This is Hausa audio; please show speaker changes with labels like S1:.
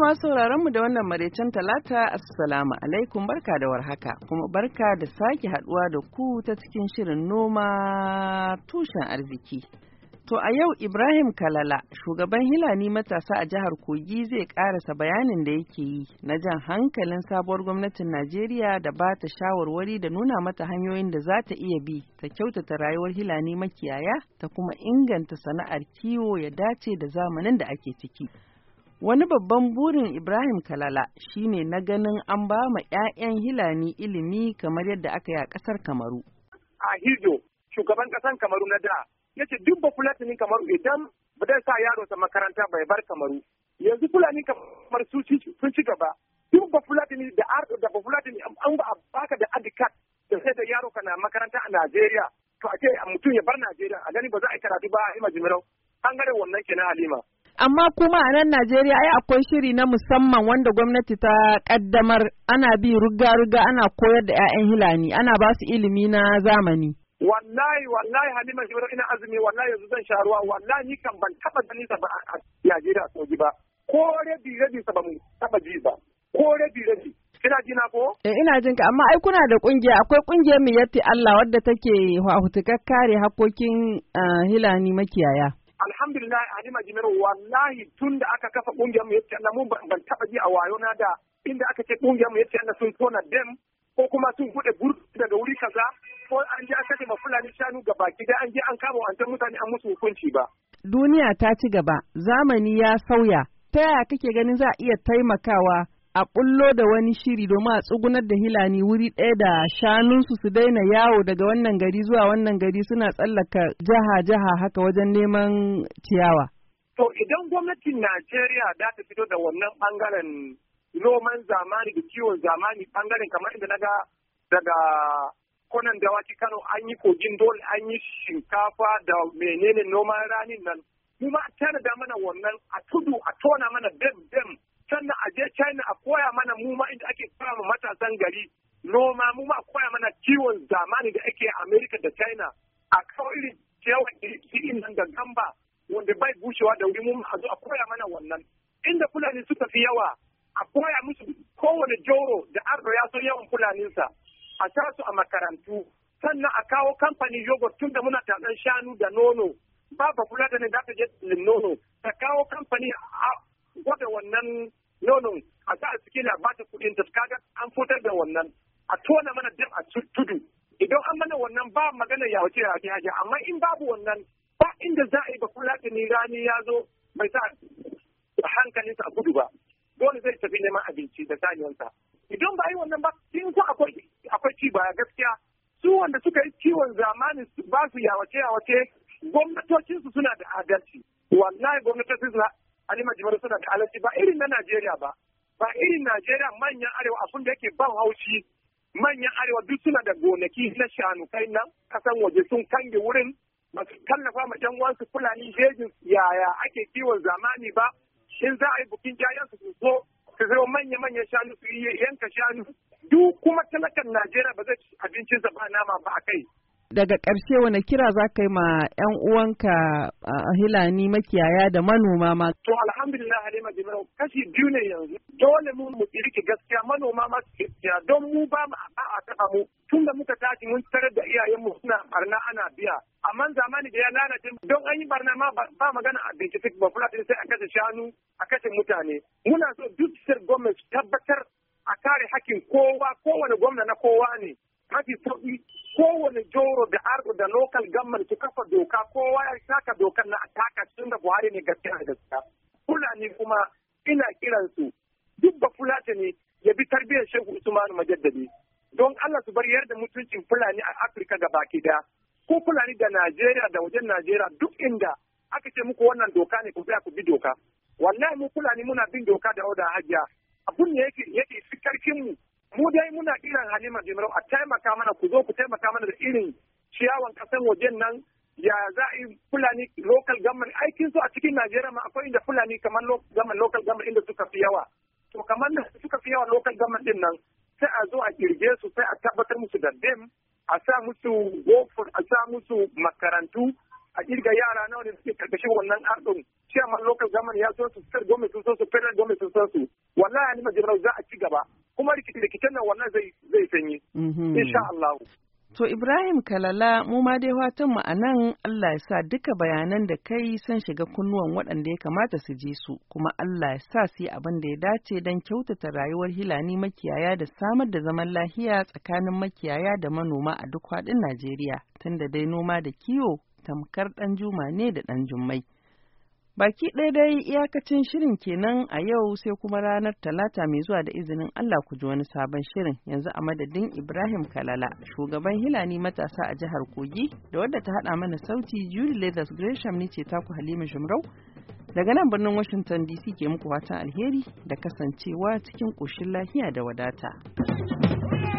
S1: masu sauraron mu da wannan maraicen talata assalamu alaikum barka da warhaka kuma barka da sake haduwa da ku ta cikin shirin noma tushen arziki. To a yau Ibrahim Kalala shugaban Hilani matasa a jihar Kogi zai karasa bayanin da yake yi na jan hankalin sabuwar gwamnatin Najeriya da ba ta shawarwari da nuna mata hanyoyin da za ta iya bi ta kyautata rayuwar Hilani makiyaya ta kuma inganta sana'ar kiwo ya dace da zamanin da ake ciki. Wani babban burin Ibrahim Kalala shine na ganin an ba ma 'ya'yan Hilani ilimi kamar yadda aka yi a ƙasar Kamaru.
S2: A Hijo, shugaban ƙasar Kamaru na da, ya ce duk ba Fulani Kamaru idan ba zai sa yaro yaronsa makaranta bai bar Kamaru. Yanzu Fulani kamar sun ci gaba. Duk ba Fulani da Ardo ba Fulani an ba baka da adikat da sai da yaro kana makaranta a Najeriya. To a ce mutum ya bar Najeriya a gani ba za a yi karatu ba a yi majimirau. An gane wannan kenan Halima.
S1: amma kuma a nan Najeriya ai akwai shiri na musamman wanda gwamnati ta kaddamar ana bi ruga-ruga ana koyar da 'ya'yan hilani ana ba su ilimi na zamani.
S2: Wallahi wallahi Halima shi ina azumi wallahi yanzu zan sharuwa wallahi ni kan ban taba ganin sa ba a Najeriya sau ba ko rabi rabi sa ba mu taba ji ba ko rabi rabi kina jina ko?
S1: Eh ina jin ka amma ai kuna da kungiya akwai kungiyar mu yatti Allah wadda take hutukar kare hakokin eh, Hilani makiyaya.
S2: alhamdulillah Halima Jimero wallahi tun da aka kafa kungiyar mu yace Allah mu ban taba ji a wayo na da inda aka ce kungiyar mu yace Allah sun tona dem ko kuma sun bude gurbi daga wuri kaza ko an je an kashe ma Fulani shanu ga baki da an je an kama wancan mutane an musu hukunci ba.
S1: Duniya ta ci gaba, zamani ya sauya, ta yaya kake ganin za a iya taimakawa a ƙullo da wani shiri domin a tsugunar da hilani wuri ɗaya da shanunsu su daina yawo daga wannan gari zuwa wannan gari suna tsallaka jaha jiha haka wajen neman ciyawa.
S2: To idan gwamnatin Najeriya za ta fito da wannan ɓangaren noman zamani da kiwon zamani ɓangaren kamar inda naga daga konan dawaki Kano an yi kogin dole an yi shinkafa da menene noman ranin nan. Kuma a tare da mana wannan a tudu a tona mana dem dem sannan a je China a koya mana mu ma inda ake koya ma matasan gari noma mu ma koya mana kiwon zamani da ake America da China a kawo irin ciyawan irin nan da gamba wanda bai bushewa da wuri mu a a koya mana wannan inda Fulani suka fi yawa a koya musu kowane joro da ardo ya so yawan Fulaninsa a sa su a makarantu sannan a kawo kamfanin yogurt tun da muna tatsan shanu da nono ba ba kula da ne za ta je nono ta kawo kamfani gwada wannan nonon a sa a cikin labarin kuɗin ta kaga an fitar da wannan a tona mana dam a tudu idan an mana wannan ba magana ya wuce ya haji amma in babu wannan ba inda za a yi ba kula da ni rani ya zo bai sa sa a gudu ba dole zai tafi neman abinci da saniyarsa idan ba yi wannan ba in ko akwai akwai ci baya gaskiya su wanda suka yi ciwon zamani ba su yawace yawace gwamnatocinsu suna da adalci wallahi gwamnatocinsu Halima Jimaru suna da alaci ba irin na Najeriya ba. Ba irin Najeriya manyan arewa abin da yake ban haushi manyan arewa duk suna da gonaki na shanu kai nan kasan waje sun kange wurin ba su tallafa ma ɗan wasu Fulani jejin yaya ake kiwon zamani ba. Shin za a yi bukin jayansu su zo su zo manya-manyan shanu su yanka shanu duk kuma talakan Najeriya ba zai sa ba nama ba a kai.
S1: daga ƙarshe wani kira za ka yi ma 'yan uwanka a hilani makiyaya da manoma ma.
S2: To alhamdulillah Halima Jimarau kashi biyu ne yanzu dole mu mu tsirki gaskiya manoma ma su gaskiya don mu ba mu a taɓa mu tun da muka tashi mun tarar da iyayenmu suna barna ana biya amma zamani da ya lalace don an yi barna ma ba magana a bincike ba kula sai a kashe shanu a kashe mutane muna so duk sir gwamnati tabbatar a kare hakkin kowa kowane gwamna na kowa ne mafi sauƙi kowane joro da argo da local gamman ki kafa doka kowa ya saka dokar na a taka tun da buhari ne gaskiya da gaskiya fulani kuma ina kiransu duk ba fulata ne ya bi tarbiyyar shehu usman majaddadi don allah su bar yarda mutuncin fulani a afirka ga baki daya ko fulani da najeriya da wajen najeriya duk inda aka ce muku wannan doka ne ku ku bi doka wallahi mu fulani muna bin doka da oda hajiya abun ne yake yake fi karfin mu mu dai muna kiran halima jimarau a taimaka mana ku zo ku taimaka mana da irin ciyawan kasan wajen nan ya za a yi fulani local government aikin su a cikin najeriya ma akwai inda fulani kamar local government inda suka fi yawa to kamar da suka fi yawa local government din nan sai a zo a kirge su sai a tabbatar musu da dem a sa musu gofur a sa musu makarantu a kirga yara nawa ne suke karkashin wannan shi amma local government ya so su fitar government sun so su federal government sun so su wallahi alima jibril za a ci gaba kuma rikice-rikicen nan wannan zai zai sanyi mhm. insha Allah
S1: To Ibrahim Kalala mu ma dai watan mu anan Allah ya sa duka bayanan da kai san shiga kunnuwan waɗanda ya kamata su je su kuma Allah ya sa su yi abin da ya dace don kyautata rayuwar hilani makiyaya da samar da zaman lahiya tsakanin makiyaya da manoma a duk faɗin Najeriya tunda dai noma da kiwo tamkar ɗan juma ne da ɗan jummai. Baki ɗaya dai iyakacin shirin kenan a yau sai kuma ranar talata mai zuwa da izinin Allah ku ji wani sabon shirin yanzu a madadin Ibrahim Kalala shugaban Hilani matasa a jihar Kogi da wadda ta haɗa mana sauti Julie Leathers Gresham ni ce taku Halima Jumrau daga nan birnin Washington DC ke muku fatan alheri da kasancewa cikin ƙoshin lafiya da wadata.